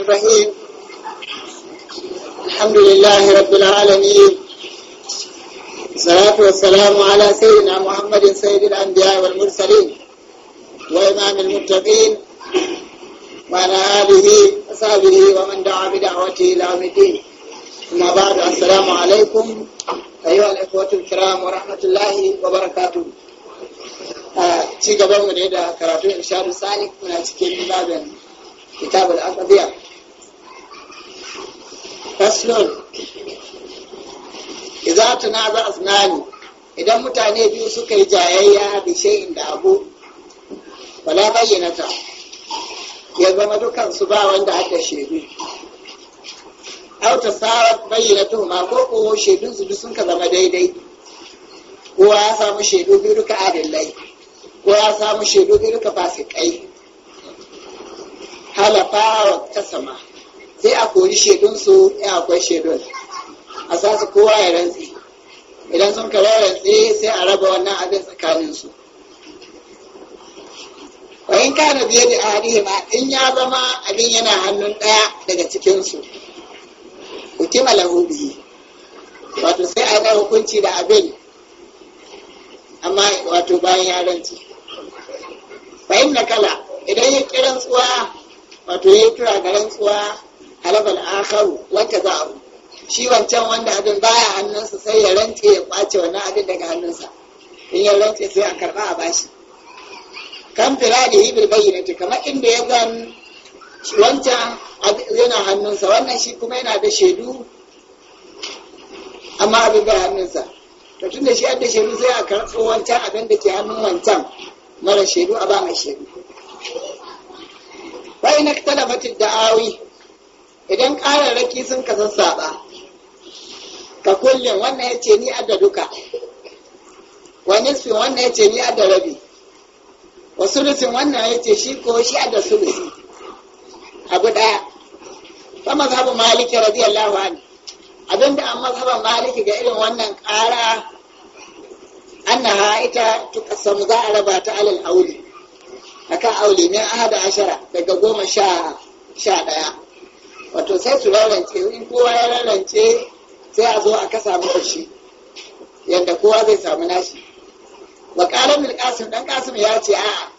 الرحيم الحمد لله رب العالمين الصلاة والسلام على سيدنا محمد سيد الأنبياء والمرسلين وإمام المتقين وعلى آله وصحبه ومن دعا بدعوته إلى يوم الدين أما بعد السلام عليكم أيها الإخوة الكرام ورحمة الله وبركاته ci gaban mu ne da karatu in sha sani muna cikin babin كتاب الأقضية فصل إذا تنازع اثنان إذا متاني بيو سكي جايا بشيء أبو ولا بينة ya zama dukan su ba wanda aka shaidu Auta ta sarar bayyana tuhuma ko ko shaidun su sun zama daidai kowa ya samu shaidu biyu duka adillai kowa ya samu shaidu biyu duka fasikai halafa wa sama, sai a kori shaidunsu ya akwai shaidun a sa su kowa ya rantsi idan sun kara rantsi sai a raba wannan abin tsakaninsu wayin kana biye da ba in ya zama abin yana hannun ɗaya daga cikinsu hukima lahu wato sai a ga hukunci da abin amma wato bayan ya rantsi Bayan na kala idan ya kiran tsuwa wato ya kira ga rantsuwa alabal akharu wata a shi wancan wanda abin baya hannunsa sai ya rantse ya kwace wani abin daga hannunsa in ya rantse sai a karba a bashi kan fira da yi ce kamar inda ya gan wancan yana hannunsa wannan shi kuma yana da shaidu amma abin bai hannunsa to tun da shi yadda shaidu sai a karɓo wancan abin da ke hannun wancan mara shaidu a ba mai shaidu Wai na talafati da'awi idan ƙararraki sun ka sassaɓa ka kullum wannan ya ce ni adda duka wani su wannan ya ce ni adda rabi wasu rusin wannan ya ce shi ko shi adda sulusi abu ɗaya ta mazhabin maliki radiyallahu anhu abinda an mazhaban maliki ga irin wannan ƙara annaha ita tukasamu za a raba ta alal auli akan auli min ahada ashara daga goma sha ɗaya wato sai su lalance in kowa ya lalance sai a zo a kasa muku shi yadda kowa zai samu nashi wa ƙarar ƙasim ɗan ƙasim ya ce a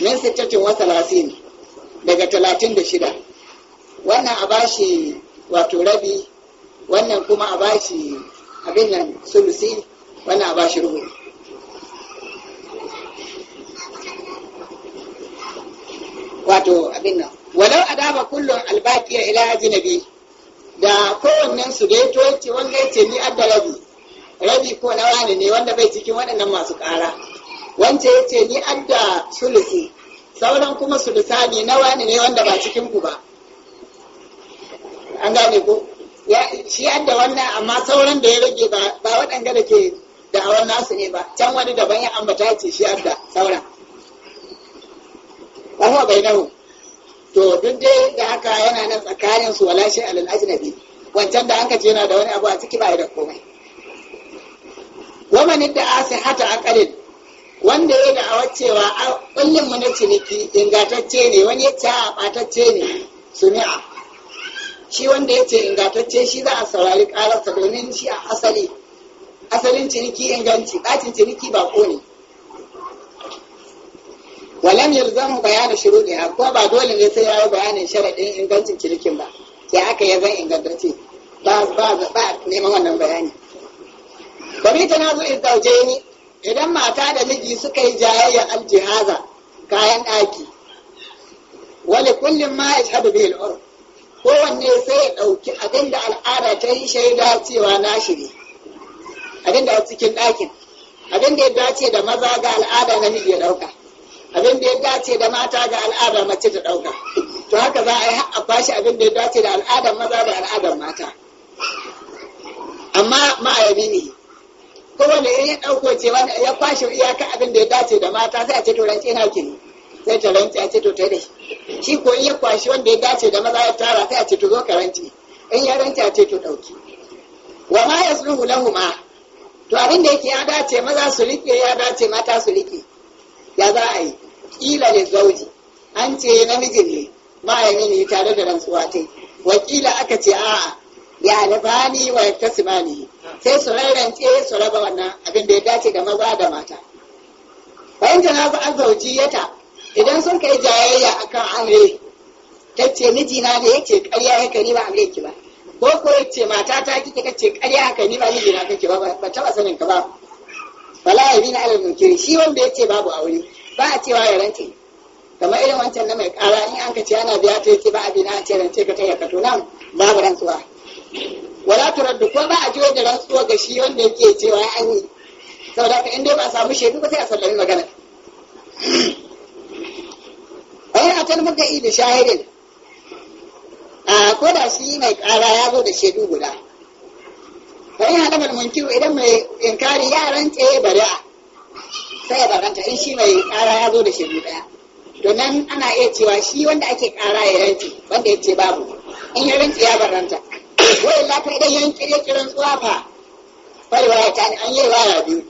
min sittatin wa talatin daga talatin da shida wannan a bashi wato rabi wannan kuma a bashi abin nan sulusi wannan a bashi rubutu wato abin nan walau daba kullum albakiya ila zinabi da kowannen su dai to yace wanda yace ni adda rabi rabi ko na wani ne wanda bai cikin waɗannan masu ƙara wance yace ni adda sulusi sauran kuma ne na wani ne wanda ba cikin ku ba an gane ko ya shi adda wannan amma sauran da ya rage ba ba waɗanda da ke da'awar nasu ne ba can wani daban ya ambata ce shi adda sauran wa huwa nahu? to duk dai da haka yana nan tsakanin su wala shi alal ajnabi wancan da anka ce yana da wani abu a ciki ba da komai wannan da asi hata aqalin wanda ya da awa cewa kullum mu na ciniki ingatacce ne wani ya ta batacce ne Sumi'a, shi wanda ya ce ingatacce shi za a saurari kararsa domin shi a asali asalin ciniki inganci bacin ciniki ba ko ne ولم yalzamu bayana شروطها ko ba dole ne sai yayi bayanin sharaɗin ingancin cinikin ba ya aka ya zan ingantacce ba ba ba neman wannan bayani wa bi tanazu'i ni, idan mata da miji suka yi jayayya al jihaza kayan ɗaki wani kullum ma ya shaɗu bil urf kowanne sai ya ɗauki abinda al'ada ta yi shaida cewa na shiri Abinda a cikin ɗakin Abinda ya dace da maza ga al'ada miji ya ɗauka abin da ya dace da mata ga al'adar mace ta ɗauka to haka za a yi a kwashe abin da ya dace da al'adar maza da al'adar mata amma ma'ayabi ne kowane in ya ɗauko ce wani ya kwashe iyaka abin da ya dace da mata sai a ce to rance na ke sai ta rance a ce to tare shi ko in ya kwashe wanda ya dace da maza ya tara sai a ce to zo ka rance in ya rance a ce to ɗauki wa ma yasluhu ma. to abin da yake ya dace maza su rike ya dace mata su rike ya za a yi ƙila ne zauji an ce namijin ne ma yi ne tare da rantsuwa ta wakila aka ce a'a ya ni wa ya tasimani sai su rarrance su raba wannan abin da ya dace da maza da mata bayan janaza an zaujiyata idan sun kai jayayya akan amre ta ce mijina ne yake karya ya kari ba amre ki ba ko ko ya ce mata ta kike ce karya ka ni ba mijina kake ba ba taba sanin ka ba fala na alal munkiri shi wanda yace babu aure ba a cewa ya rance kamar irin wancan na mai kara in an ka ce ana biya ta yace ba a na ce rance ka tayar ka to nan babu rantsuwa wala turaddu ko ba a jiwo da rantsuwa ga shi wanda yake cewa an yi saboda ka inda ba a samu shaidu ba sai a sallami magana ai a tal yi da shahidin a ko da shi mai kara ya zo da shaidu guda wa in hadama al-munkiru idan mai inkari ya rantse bari'a sai ya baranta in shi mai kara ya zo da shi daya to nan ana iya cewa shi wanda ake kara ya rantse wanda ya ce babu in ya rantse ya baranta Wai illa idan yan kire kiran tsuwa fa fari waya ta an yi waya biyu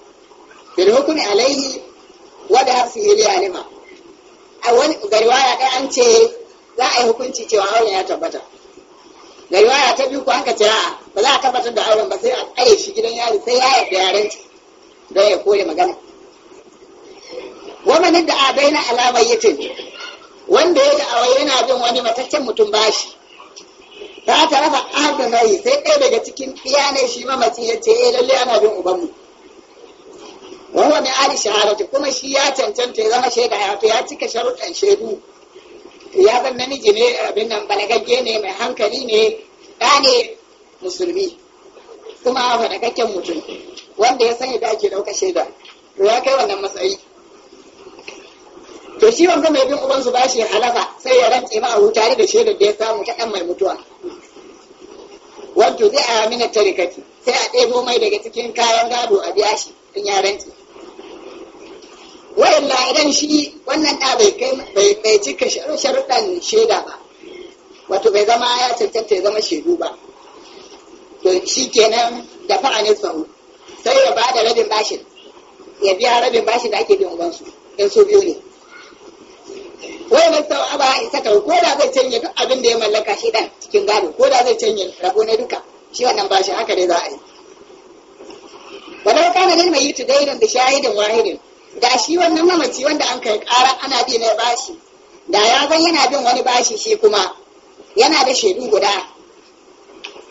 bil hukumi alaihi wa da hafsihi li alima a wani gari waya ɗaya an ce za a yi hukunci cewa auren ya tabbata da riwaya ta biyu ko an ce a'a ba za a tabbatar da auren ba sai a tsare shi gidan yari sai ya yarda yaren don ya kore magana Wannan da abai na alamar yatin wanda ya da'awa yana bin wani mataccen mutum bashi ta ta rafa sai ɗaya daga cikin iyanai shi mamaci ya ce eh lalle ana bin ubanmu Wani wani ali shahadati kuma shi ya cancanta ya zama shaida ya ya cika sharuɗan shaidu ya zan namiji ne abin nan balagagge ne mai hankali ne ɗa ne musulmi kuma faɗakakken mutum wanda ya sanya da ake ɗauka shaida to ya kai wannan matsayi to shi wanda mai bin ubansu ba shi halafa sai ya rantse ma abu tare da shaidar da ya samu ta ɗan mai mutuwa wato zai a mina tarikati sai a ɗebo mai daga cikin kayan gado a biya shi in ya rantse wayan na idan shi wannan da bai kai bai cika sharuɗan shaida ba wato bai zama ya cancanta ya zama shaidu ba to shi kenan da fa'a ne sahu sai ya bada rabin bashin ya biya rabin bashin da ake biyan ubansu in so biyu ne wai mai sau aba isa ko da zai canje duk abin da ya mallaka shi dan cikin gado ko da zai canje rabo ne duka shi wannan bashin haka dai za a yi wadda kana ne mai yi tudairin da shahidin wahidin da shi wannan mamaci wanda an kai ƙara ana bi mai bashi da ya zan yana bin wani bashi shi kuma yana da shaidu guda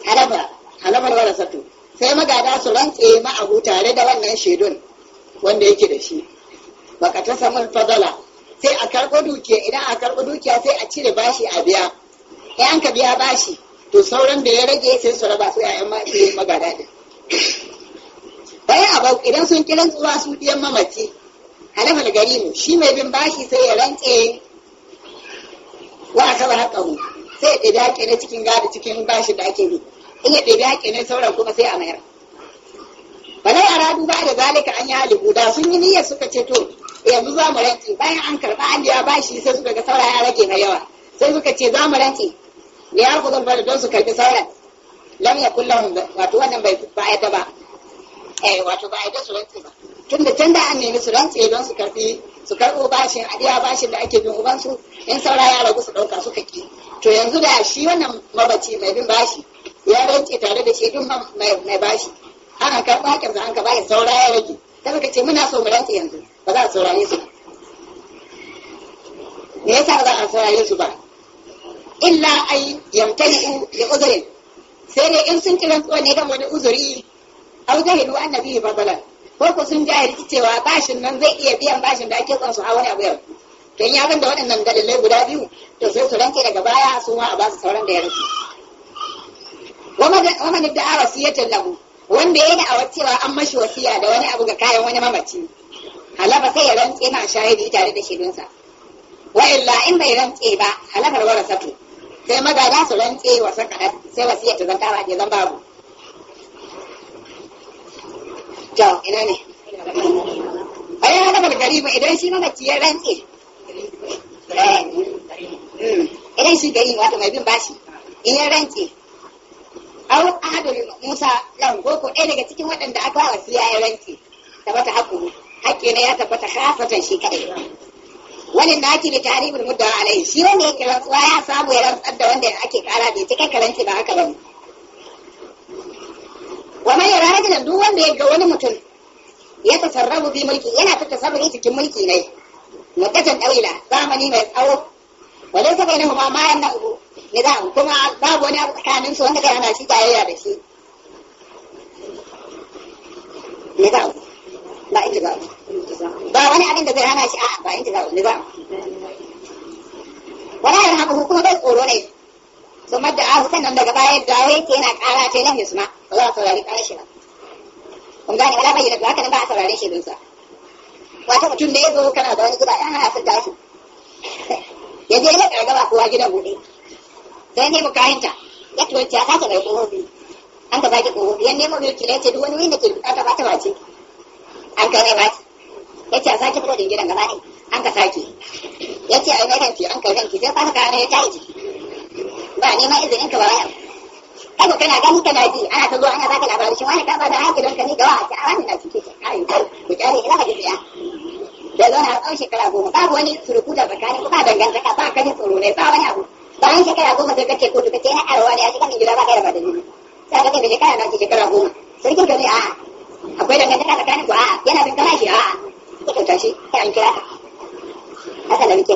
halafa halafar sato sai magada su rantse ma'abu tare da wannan shaidun wanda yake da shi baka ta samun fadala sai a karɓo dukiya idan a karɓo dukiya sai a cire bashi a biya in ka biya bashi to sauran da ya rage sai su raba su yayan magada din bayan abau idan sun kiran tsuwa su biyan mamaci halafal garimu shi mai bin bashi sai ya rantse wa asaba mu? sai ya ɗabi haƙe na cikin gada cikin bashi da ake bi in ya ɗabi haƙe na sauran kuma sai a mayar balai aradu ba da zalika an yi halibu da sun yi niyyar suka ce to yanzu za mu rantse bayan an karɓa an biya bashi sai suka ga saura ya rage mai yawa sai suka ce za mu rantse ne ya kudin don su karɓi sauran lam yakun lahum wato wannan bai ba ya ba eh wato ba a yadda su rantse ba tun da can da an nemi su rantse don su karbi su karbo bashin a ɗaya bashin da ake bin ubansu in saura ya ragu su ɗauka suka ki to yanzu da shi wannan mabaci mai bin bashi ya rantse tare da shaidun mai bashi an ka bakin da an ka bakin saura ya rage Ta suka ce muna so mu rantse yanzu ba za a saurare su me yasa ba za a saurare su ba illa ai yamtani ya uzrin sai dai in sun kiran ne da wani uzuri aw jahilu anna fihi fadalan ko ko sun jahilci cewa bashin nan zai iya biyan bashin da ake son su a wani abu yau to ya ganda da waɗannan dalilai guda biyu to sai su rantse daga baya su ma a ba su sauran da ya rantse waman da a wasiyatin lahu wanda ya da'awa cewa an mashi wasiya da wani abu ga kayan wani mamaci halaba sai ya rantse yana shahidi tare da shaidunsa wa illa in bai rantse ba halabar warasatu sai maza za su rantse wa sakadar sai wasiyar ta zanta ba ke zan babu to ina ne a yi hada balgari ba idan shi mamaci ya rantse eh, idan shi gari wato mai bin bashi in ya rantse au ahadul musa lahun koko ɗaya daga cikin waɗanda aka wa siya ya rantse tabbata haƙu haƙƙi na ya tabbata khasatan shi kaɗai wannan da ake da tarihul mudda alai shi wanda yake rantsuwa ya samu ya rantsar da wanda ake kara bai cika karanci ba haka ba wa man yara rajulan duk wanda ya ga wani mutum ya tasarrafu bi mulki yana ta tasarrufi cikin mulki ne muddatin dawila zamani mai tsawo wa laysa bainahuma ma yanahu nizam kuma babu wani abu tsakanin su wanda kai ana shi jayayya da shi yi, ba intizam ba wani abin da zai hana shi a ba intizam nizam wala kuma bai tsoro ne su da ahu nan daga baya dawo yake yana ƙara ta lam yusma ba za a saurari kara shi ba kun gane wala da haka nan ba a saurari shi dinsa wata mutum da ya zo kana da wani zuba ya hana fidda su ya je ya karga ba kowa gidan buɗe sai ne kayanta. ya tuwanci ya sace mai ƙofofi an ka baki ƙofofi ya nemo mai kira ya ce duk wani wanda ke bukata ba ta wace an kai mai ya ce a sake fito da gidan gaba ne an ka sake ya ce a yi mai ranki an kai ranki sai fasa kayan ya ta yi jiki ba ma izinin ka ba wani kai kana gani kana ji ana ta zuwa ana baka labarin shi wani ka ba da haƙi don ka ne gawa a ta da na cikin shi kai ku tare ila hadisi ya da zauna a tsawon shekara goma babu wani turuku da tsakanin ku ba dangantaka ba ni tsoro ne ba wani abu bayan shekara goma sai kake ko kake na arwa ne a cikin gida ba kai da ni sai ka tafi shekara na ce shekara goma sarkin gari a akwai dangantaka tsakanin ku a yana bin kana shi a ko ta shi kai an kira haka da muke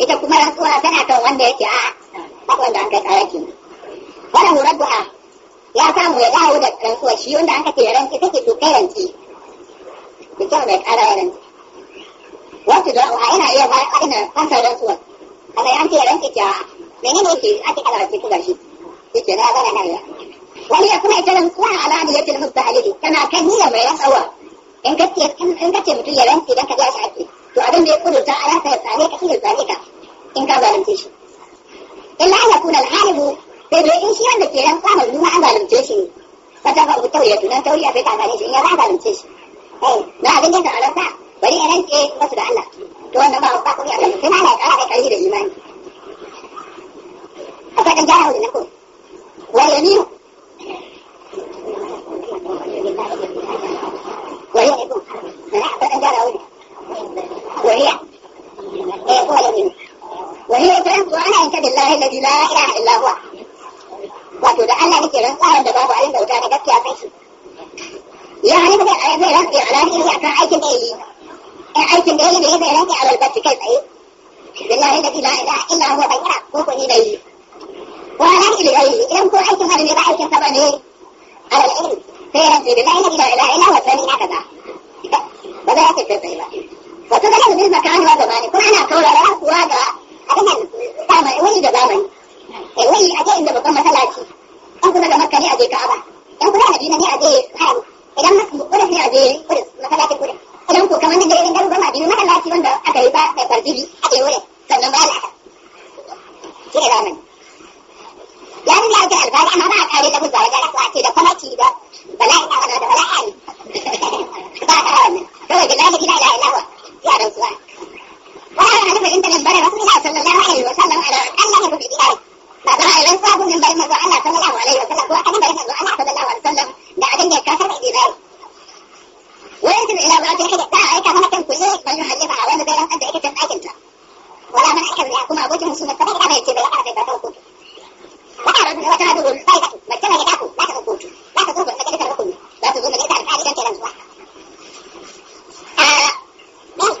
ita kuma rantsuwa tana kan wanda yake a ba da an kai tsara kenan wannan muradduha ya samu ya dawo da rantsuwa shi wanda an kace rantsi take to kai rantsi da kyau da kara ya rantsi wato da a ina iya ba ina fanta rantsuwa kada an ce rantsi ta menene yake ake kara rantsi kuma shi yake na gana na ya wani ya kuma ita rantsuwa alaniyatul mustahili tana kan niyyar mai rantsuwa in kace in kace mutum ya rantsi dan ka ji shi ake to abin da ya kudu ta alaka ya tsare ka shi ya tsare ka in ka zalunce shi illa an yakuna al-halibu sai dai in shi wanda ke ran kama duma an zalunce shi ne wata ba mutum ya tunan tauri a fita ta shi in ya ba zalunce shi na eh, abin da ka alaka bari a rantse wasu da Allah to wannan ba ba ku ya zalunce na Allah ya kai da karfi da imani akwai dan jara hudu na ko wa yaminu ne ko? na akwai dan jara hudu wa ya eh ko ne. وهي إبراهيم وأنا إن بالله الذي لا إله إلا هو wato da Allah nake rantsawa da babu abin bauta na gaskiya sai shi ya halitta da ayyuka ran da Allah ne ya kan aikin da ya yi. ai aikin da ya yi da yayi ran da Allah ba kai tsaye billahi da ila ila illa huwa bayyana ko ko ni dai wa ran ila ila idan ko aikin har ne ba aikin sa bane ala ilmi sai ran da billahi da ila ila illa huwa sani na kaza ba za ka kai tsaye ba wato da ne makan wa zamani kuma ana kaura da kuwa da wani da zamani eh, wani a je inda babban masallaci in kuma da makka ne a je ka'aba in kuma madina ne a je haram idan kudus ne a je kudus masallacin kudus idan ko kamar da irin garuruwan madina masallaci wanda aka yi ba da farjibi a je wurin sannan ba la'asar shi ne zamani ya rinda ake alfahari amma ba a kare da hujja da rasuwa ce da kwamaki da bala'i a wani da bala'i ba a kare wannan kawai da lalaki na ila'ila wa yaran suwa وهذا هو عند منبر رسول الله صلى الله عليه وسلم على أن له بدينار بعد ما إذن صاب من بين الله صلى الله عليه وسلم وأنا بين الله صلى الله عليه وسلم بعد أن يكاثر بدينار وينزل إلى بعض الحدة تاعي كما كان كله بل يحلفها ولا بين أن ذلك كان أجلها ولا من أكل لها كما أبوته سنة فقط أبا يتبع أحد يتبع وقال ابن وترى دول فائدة ما كان يتاكل لا تتركوش لا تتركوا المجالس الركن لا تظن أن يتعرف هذه كان كلام واحد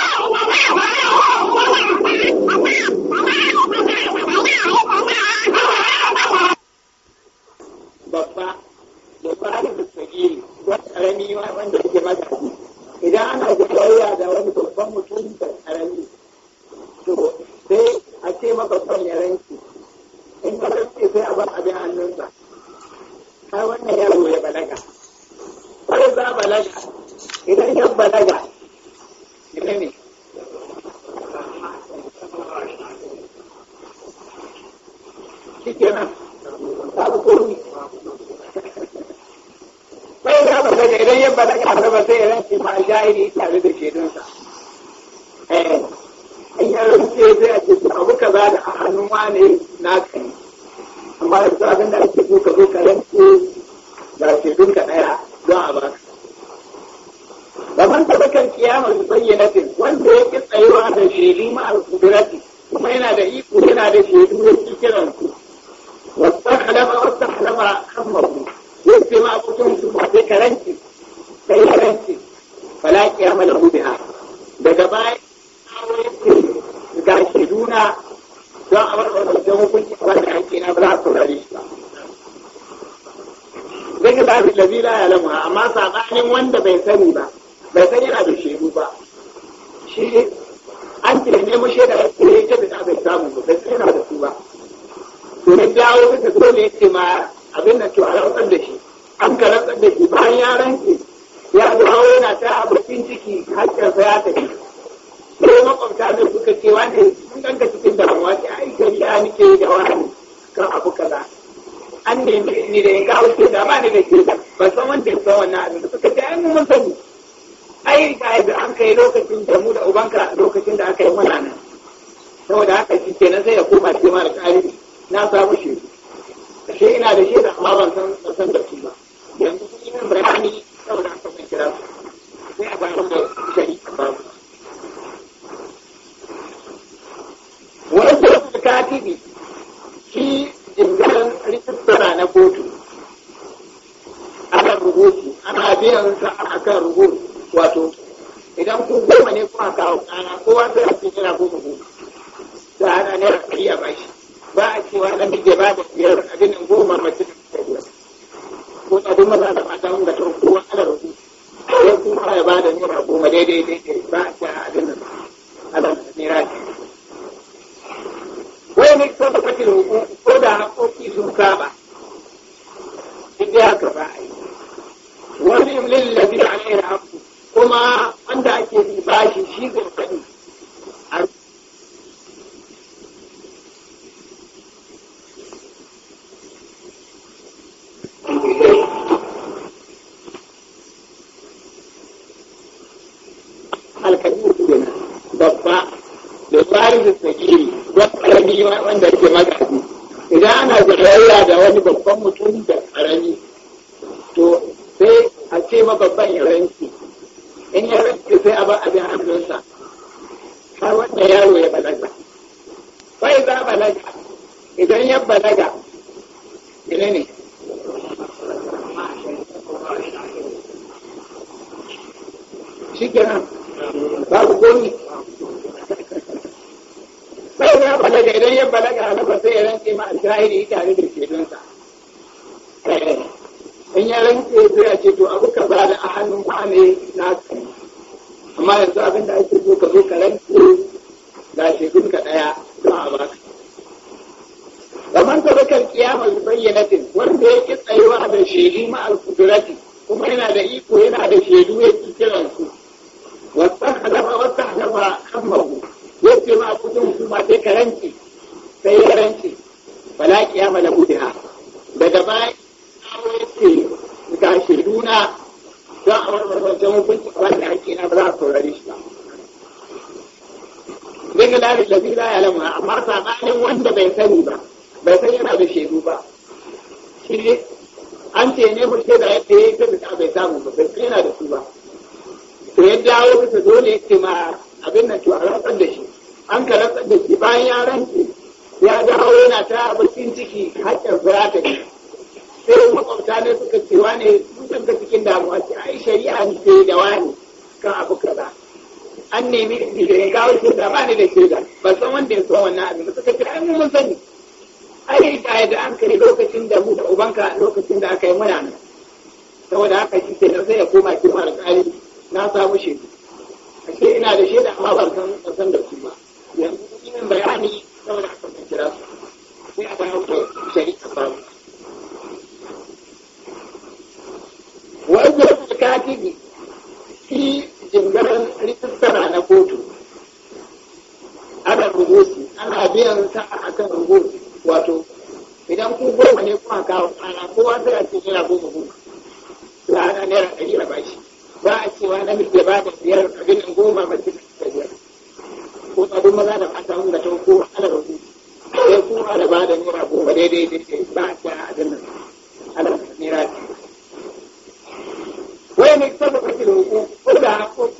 allazi la ya'lamuha amma sabanin wanda bai sani ba bai sani yana da shedu ba shi an ce nemo shaida ya tire ya da bai samu ba bai sani yana da su ba to ne dawo da so ne ce ma abin da to a rantsar da shi an ka rantsar da shi bayan ya rantsi ya zo hawo yana ta abokin ciki hakkinsa ya tafi sai makwabta ne suka ce wani sun ɗanka cikin damuwa ce ai gari ya nike da wani kan abu kaza an nemi ni da yin kawo ce da ba ni da ke ba san wanda ya san wannan abin suka ce ai mun sani ai ga da an kai lokacin da mu da ubanka lokacin da aka yi mana nan saboda haka shi kenan sai ya koma ce mara kari na samu shi shi ina da shi da amma ban san san da shi ba yanzu sun yi min bayani saboda haka ban kira sai a bayan da shari babu. wani katibi shi wajen rikuttuna na kotu kan rubutu ana biyan sa kan rubutu wato idan ku goma ne kuma kawo kana ko sai a cikin yana goma goma da ana ne a iya ba ba a cewa na bige ba da biyar a dinin goma mace da biyar ko a duma za da mata wanda ta kowa ana rubutu sai kuma ya ba da naira goma daidai daidai ba a cewa a dinin kamar da sadakar kiyama bayyanatin wanda ya ki tsayuwa da shaidu ma al-qudrati kuma yana da iko yana da shaidu ya ki kiran su wastahlafa wastahlafa hammahu yace ma kudin ma sai karanci sai karanci fala kiyama la budiha daga baya kawo yace ga shaidu na za a wani warwarwance hukunci wanda hakki na ba za a saurari shi ba Zai ga lari lafi la ya lamu amma tsakanin wanda bai sani ba, katibi fi jingarin rikittara na kotu ana rubutu ana biyan sa a kan rubutu wato idan ku goma ne kuma kawo ana kowa sai a yi yana goma goma ana naira ɗari a bashi ba a cewa na miji ya bada biyar abin goma mace da biyar ko tsadu maza da mata wanda ta kowa ana rubutu sai kuma da bada naira goma daidai daidai ba a cewa a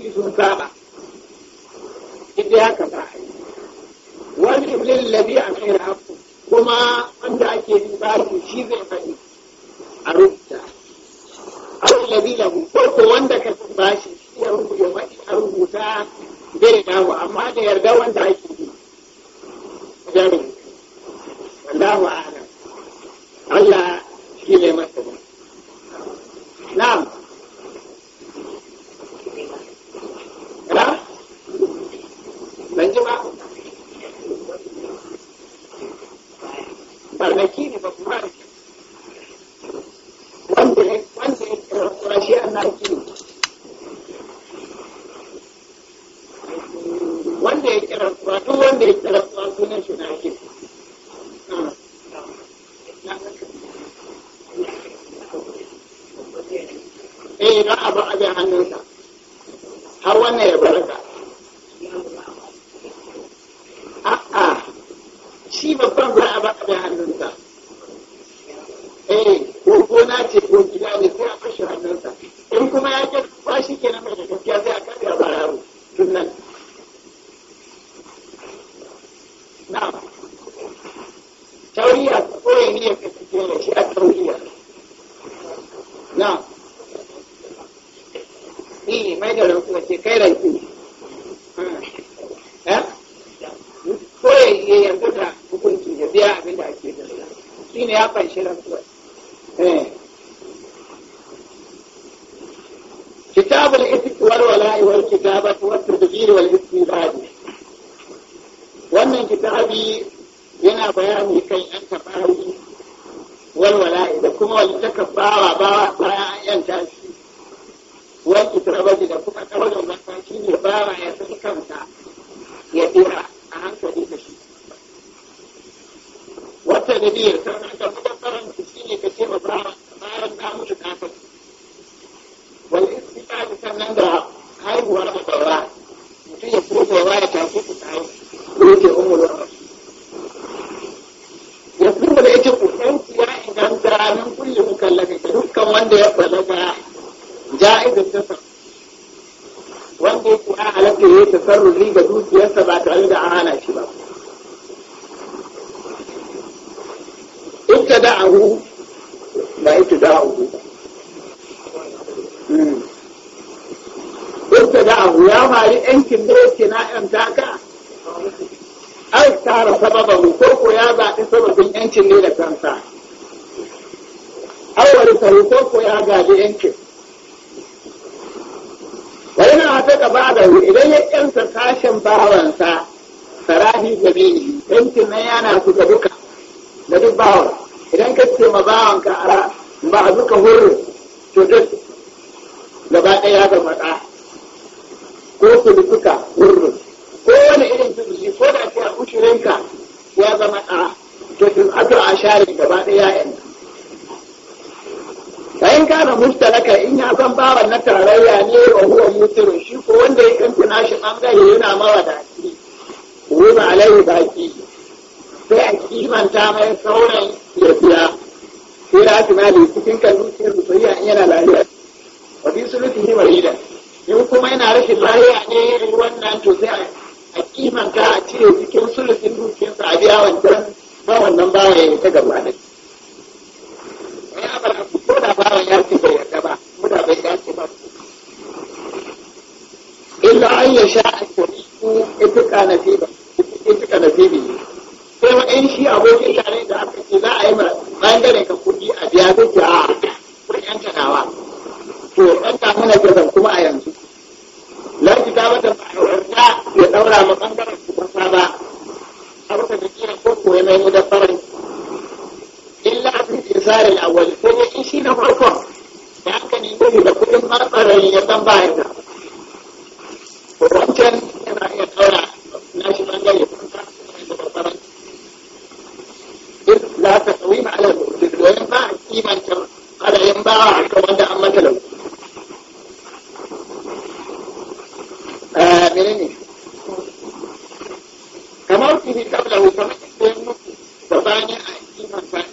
shi sun saba idan haka ba kuma wanda ake yi shi zai faɗi a wanda ya kira duk wanda ya kira bien que na tarayya ne wa huwa musirin shi ko wanda ya kanta nashi bangare yana mawa da mawadaci wuna alaihi baki sai a kimanta mai sauran ya biya sai na tuna da cikin kallon zuciyar su sai an yana lafiya wa bi sulutu ni marida in kuma yana rashin lafiya ne irin wannan to sai a kimanta a cire cikin sulutin dukiyarsa a biya wancan ba wannan bawa ya yi ta gaba ne. Ya bar ko da bawan ya ci illa an ya sha a kuri ituka na fiba ituka na fibi sai ma in shi abokin tare da aka ce za a yi bangaren ka kuɗi a biya duk a kuɗin yan kanawa to ɗan damuna gazan kuma a yanzu lafi ta wata ma'aurata ya daura ma bangaren kuma ba a wata da kira ko koyi mai da farin illa fi isarin awali ko ne in shi na farkon da aka nemi da kuɗin farfarin ya san bayan da Korupcjan nema je tvoja najbolja najbolja korupcija. إذ لا تقويم على المؤجد وينبع قيما قال ينبع كما دعا مثله آمنني كموته قبله فمن يملك وبانع قيما فإن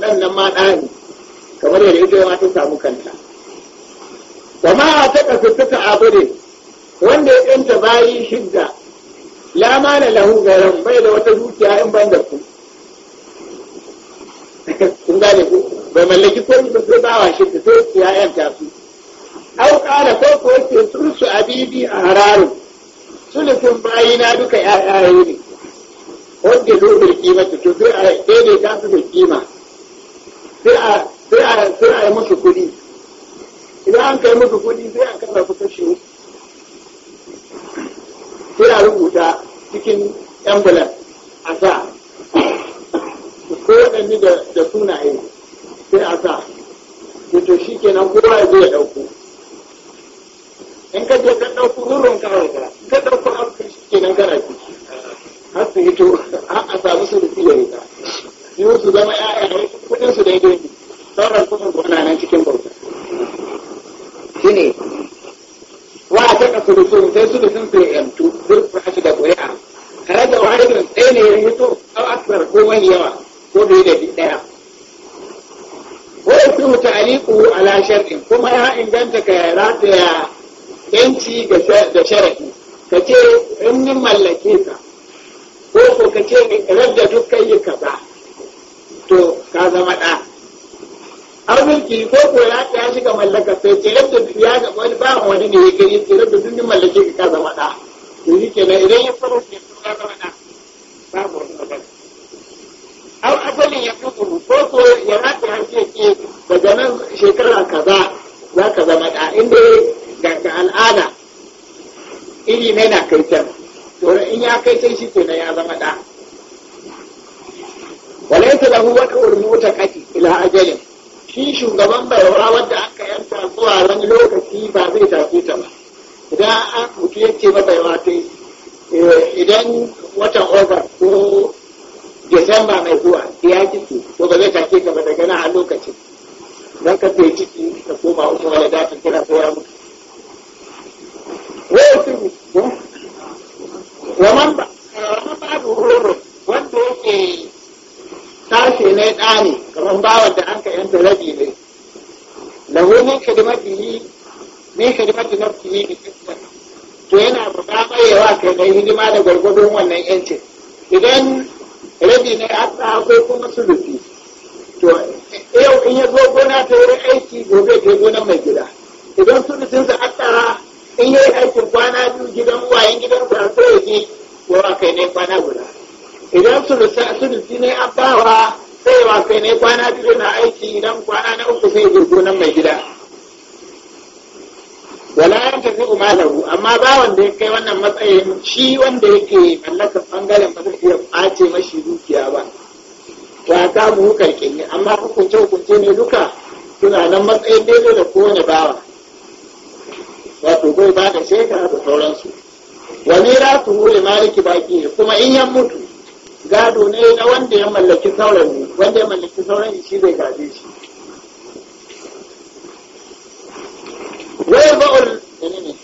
waɗannan nan ma ɗari kamar yadda ita ma ta samu kanta wa ma a taɓa fitata abure wanda ya ɗanta bayi shidda la ma na lahu garan bai da wata dukiya in ban da ku kun gane ku bai mallaki ko ba sai wa shidda sai ya yanta su au ƙara ko ko yake sulsu abibi a hararin sulufin na duka 'ya'ya ne wanda zo bil kima to zai a ta su da kima sai a yi musu kuɗi idan an kai musu kuɗi sai a kasa su kashe sai a rubuta cikin envelope a sa ko waɗanne da sunaye sai a sa to shi kenan kowa ya zo ya ɗauko in ka je ka ɗauko rurin kawanka ka ɗauko haka shi kenan kana ciki har su hito har a samu su rufi da ita yiwu su zama ya'ya ne kudin su daidai ne sauran kudin kuna nan cikin bauta shi ne wa a taka sulusun sai sulusun su yantu zurfa shi da ƙuri'a tare da wahadin ɗaya ne ya hito au aksar ko wani yawa ko da da ɗaya Ko wa yasu ta'aliqu ala shar'in kuma ya inganta ka rataya yanci da sharafi ka ce in mallake ka ko ko ka ce in rabda dukkan yi ba. to ka zama ɗa arziki ko ko ya ta shiga mallaka sai ce yadda ya ga wani ba wani ne ya gani ce yadda duk mallake ka zama ɗa to shi nan idan ya faru ne ka zama ɗa Ba wani magana har asalin ya tuku ko ko ya rata harshe ke daga nan shekara kaza za ka zama ɗa? inda ga al'ada iri mai na kai can to in ya kai can shi ke ya zama ɗa. walaysa lahu wad'ul mutaqati ila ajalin shi shugaban bayarwa wadda aka yanta zuwa wani lokaci ba zai tafi ta ba idan an mutu ya ce mabaiwa ta idan watan over ko disamba mai zuwa ya ciki ko ba zai tafi ta ba daga na a lokacin don ka sai ciki ka koma uku wani dafin kira ko ya mutu waman ba raman ba wanda yake sashe ne ɗa ne kamar bawan da an ka yanta rabi ne lahu min khidmatihi min khidmati nafsihi bi to yana buƙatar bayewa kai dai hidima da gwargwadon wannan yanci idan rabi ne a ta ko kuma sulusi to yau in ya zo gona ta yi aiki gobe ta gona mai gida idan sulusin sa a in yi aikin kwana biyu gidan uwayen gidan ba sai ya je wa kai ne kwana guda idan su ne an bawa sai wa kai ne kwana biyu na aiki idan kwana na uku sai je nan mai gida wala yan tafi umalahu amma ba wanda ya kai wannan matsayin shi wanda yake mallakar bangaren ba zai iya ɓace mashi dukiya ba to a mu hukar kinyi amma hukunce hukunce ne duka suna nan matsayin daidai da kowane bawa wato zai ba da shekara da sauransu wa miratu li maliki baki kuma in ya mutu gado ne na wanda ya mallaki sauran ne wanda ya mallaki sauran shi zai gaje shi wai ba'ul ne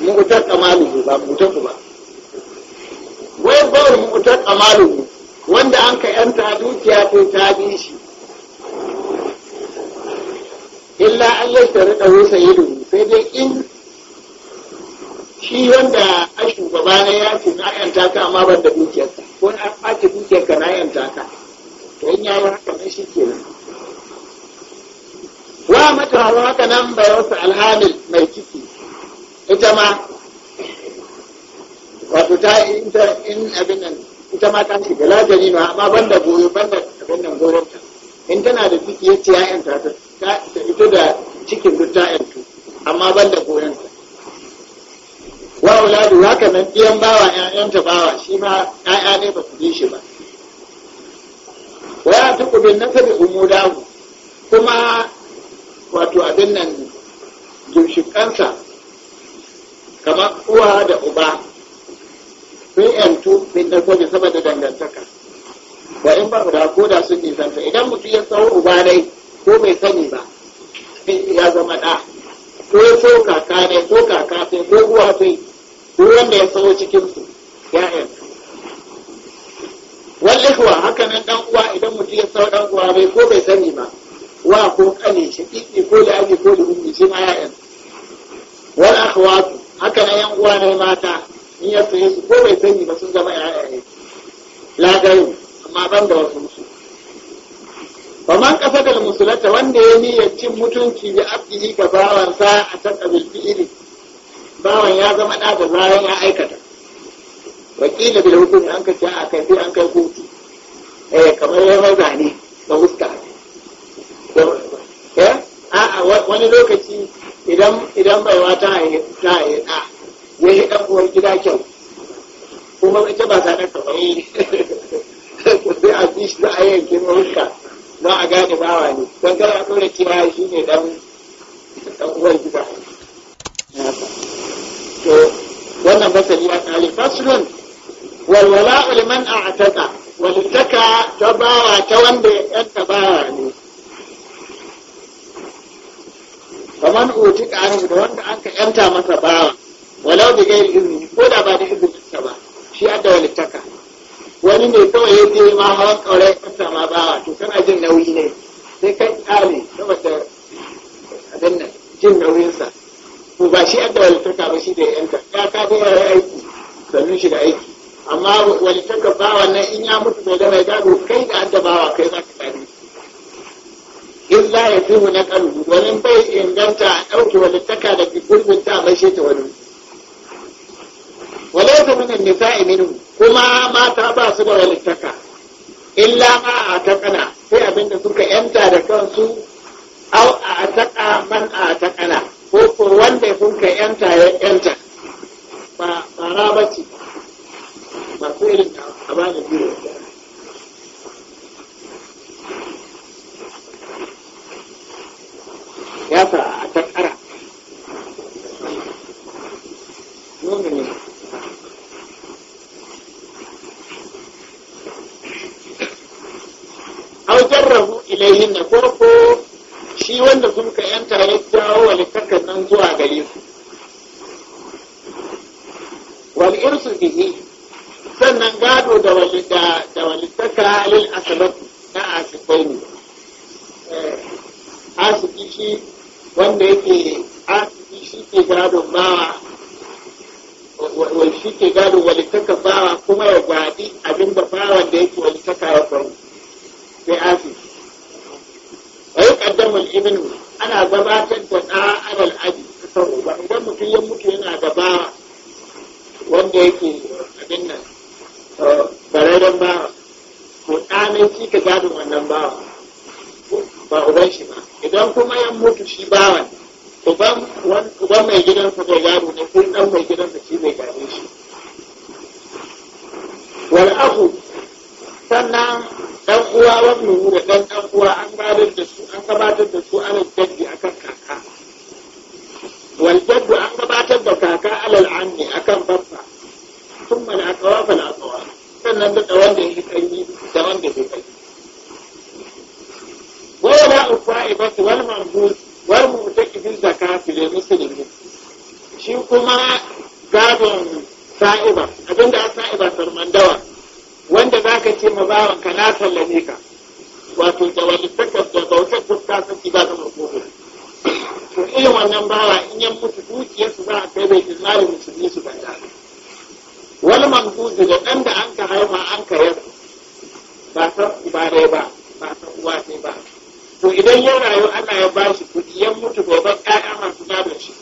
ne mu'tar kamaluhu ba mu'tar ba wai ba'ul mu'tar kamaluhu wanda an ka yanta dukiya ko ta bi shi illa an yashtaru da rusa sai dai in shi wanda a shugaba na ya ce na yanta ka amma ban da dukiyarka ko na ɓace dukiyarka na yanta ka to in ya yi haka nan shi ke wa mata hawa haka nan bai wasu alhamil mai ciki ita ma wato ta in abin nan ita ma ta shiga lajari ma amma ban da goyo ban da abin nan goyon ta in tana da ciki ya ce ya yanta ta ita da cikin duk ta yanta amma ban da goyo haka nan biyan bawa ‘ya'yanta bawa shi ma ‘ya'ya ne ba su bi shi ba waya ta kubin na tabi umudahu kuma wato abin nan ginshikansa kamar uwa da uba sun yantu min na tabi saboda dangantaka wa in ba da ko da sun nisanta idan mutum ya tsawo uba dai ko bai sani ba ya zama ɗa ko ya so kaka ne ko kaka sai ko uwa sai wanda ya tsawo cikin su ya'yan wallahi kuwa haka nan dan uwa idan mutum ya tsawo dan uwa bai ko bai sani ba wa ko kane shi kiki ko da ake ko da ummi shi ma ya'yan wal akhwatu haka nan yan uwa ne mata in ya tsaye su ko bai sani ba sun zama 'ya'yan. la lagayin amma ban da wasu musu faman kasadar musulata wanda ya niyyar cin mutunci da abdihi ga bawarsa a taɓa bilfi'iri bawan ya zama ɗa da zaran ya aikata wakilin da hukumi an ka a kai sai an kai kotu eh kamar ya mai zane da huska eh, a wani lokaci idan idan baiwa ta haihe ta haihe ɗa ya yi dan uwar gida kyau kuma ita ba sa ɗan kamar sai a ji shi za a yanke huska Ba a gane bawa ne don kada a ɗora cewa shi ne dan uwar gida to wannan basali ya kare faslun walwala liman a'taka walittaka ta bawa ta wanda ya bawa ne kamar utika an da wanda an ka yanta masa bawa walau da gairi izini ko da ba da izininsa ba shi adda walittaka wani ne kawai ya je ma hawan kaure ya yanta ma bawa to kana jin nauyi ne sai kai kyale saboda abin nan jin nauyinsa to ba shi yadda walittaka ba shi da ya ta, ya ka fi yawon aiki sannu shi da aiki amma walittaka bawa wannan in ya mutu bai da mai gado kai da adda bawa kai za ka gani illa ya fi na kalbu wani bai inganta a ɗauki walittaka da gurbin ta mai ta wani walai ta mutum nisa'i minu kuma mata ba su da walittaka illa ma a kana sai abinda suka yanta da kansu au a ta man a taƙana ko ko wanda ya ka yanta ya yanta ba bara ba ce ba ku irin a ba da biyu ya sa a takara nuna ne au jarrahu ilayhin na ko shi wanda sun ka yanta ya jawo wani takardun nan zuwa gare su wal irsu gini sannan gado da wani da walittaka lil asalatu na asibai ne eh, asiki shi wanda yake asiki shi ke gado bawa wani shi ke gado wani takar bawa kuma ya gwadi abin da bawan da yake walittaka ya faru sai asiki تقدم الابن أنا قبات الدعاء على الأبي وإذا متي يمتي أنا قباء wanda yake abin nan uh, bararren bawa ko ɗanai shi ka gadon wannan bawa ba uban shi ba idan kuma ya mutu shi bawan uban mai gidansa zai gado ne ko ɗan mai gidansa shi zai gado shi wal ahu sannan ɗan uwa wannan da ɗan ɗan uwa an gabatar da su an gabatar da su alal jaddi akan kaka wal jaddu an gabatar da kaka alal a akan babba sun mana akawa fal akawa sannan da wanda ya kanyi da wanda ya kanyi wani ufa'ibatu wal mamdud wal mu'takifin zakati lil muslimin shi kuma gadon sa'iba abinda a sa'iba sarmandawa wanda za ka ce ma bawan ka na sallame ka wato da wani da bautar fuska sun ci ba ta makogo to irin wannan bawa in yan mutu dukiyarsu za a kai bai tilmari musulmi su ta wani mamdudu da ɗan da an ka haifa an ka yar ba san uba dai ba ba san uwa ba to idan ya rayu ana ya ba shi kuɗi yan mutu gobe ƴaƴa masu gadon shi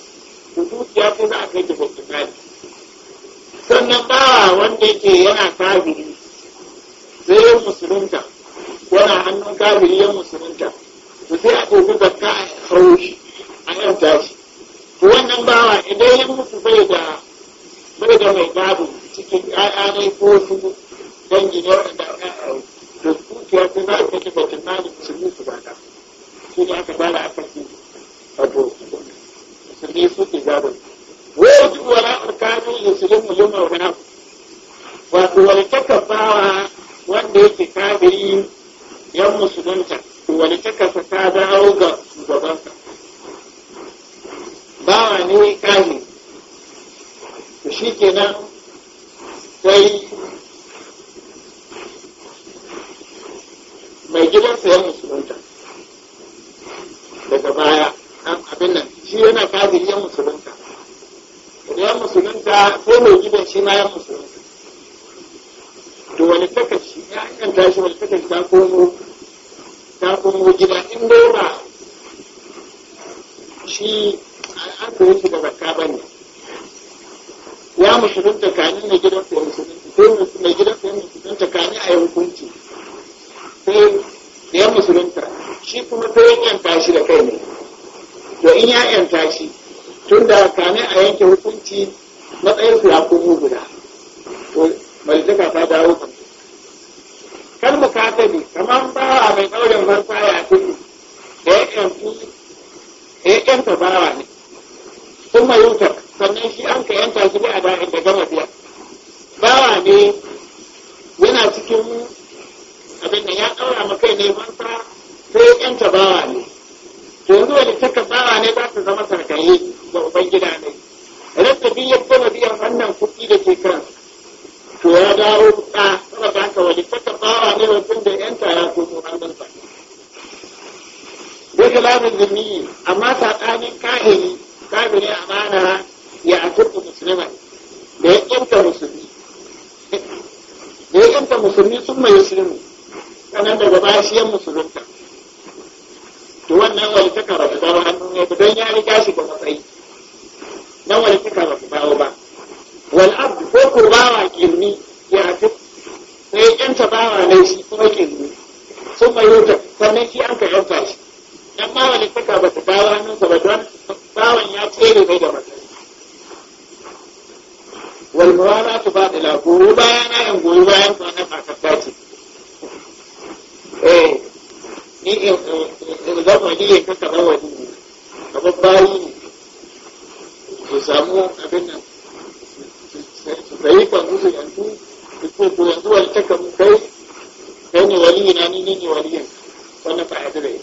ku dukiya ko za a kai ta bai gari sannan bawa wanda yake yana kafiri sai yin musulunta wani hannun kafin yin musulunta su sai a ɗauki zakka a hau shi a yan tashi to wannan bawa idan yin musu bai da bai da mai gado cikin ƴaƴa ne ko su dangi ne wanda aka hau to dukiya ta za ta ci batun malin musulmi su ba ta shi ne aka bala a ci wato musulmi su ke gado wai duk wani alƙalin musulmi yau mai wani wato wani takabbawa wanda yake kafiri yan musulunta wani takasa ta dawo ga shugabansa bawa ne kahi to shi kenan sai mai gidansa yan musulunta daga baya abin nan shi yana kafiri yan musulunta yan musulunta sai mai gidan shi ma yan musulunta Tashi shi wani ta komo ta komo gida in dora shi an koyi shi da zakka ba ne ya musulunta kani na gidan ko musulunta ko mai gidan ko musulunta kani a yi hukunci sai da ya musulunta shi kuma ta yi yan tashi da kai ne to in ya yan tashi tun da kani a yanke hukunci matsayin su ya komo guda to malitaka ta dawo kan gudu kamar bawa mai ɗaurin farfaya ya gudu da ya ɗauki ya bawa ne sun mai sannan shi an ka yanta shi a daɗin da gama biya bawa ne yana cikin abin da ya ɗaura makai ne manta sai ya ɗanta bawa ne to yanzu wani cikin bawa ne za ta zama sarkaye ga ubangida ne rasta biyar gama biyan wannan kuɗi da ke kan to ya dawo halittaka bawa ne mutum da yanta ya fito hannunsa wata labin zumi amma tsakanin kahiri kafirin amana ya aturku musulman da ya yanta musulmi da ya yanta musulmi sun mai musulmi sannan daga bayan shi yan musulunta zan ka su samu abin nan su sayi kwanzu su yanzu su ko yanzu wani kai kai ne wali na ni ne waliyin wannan ba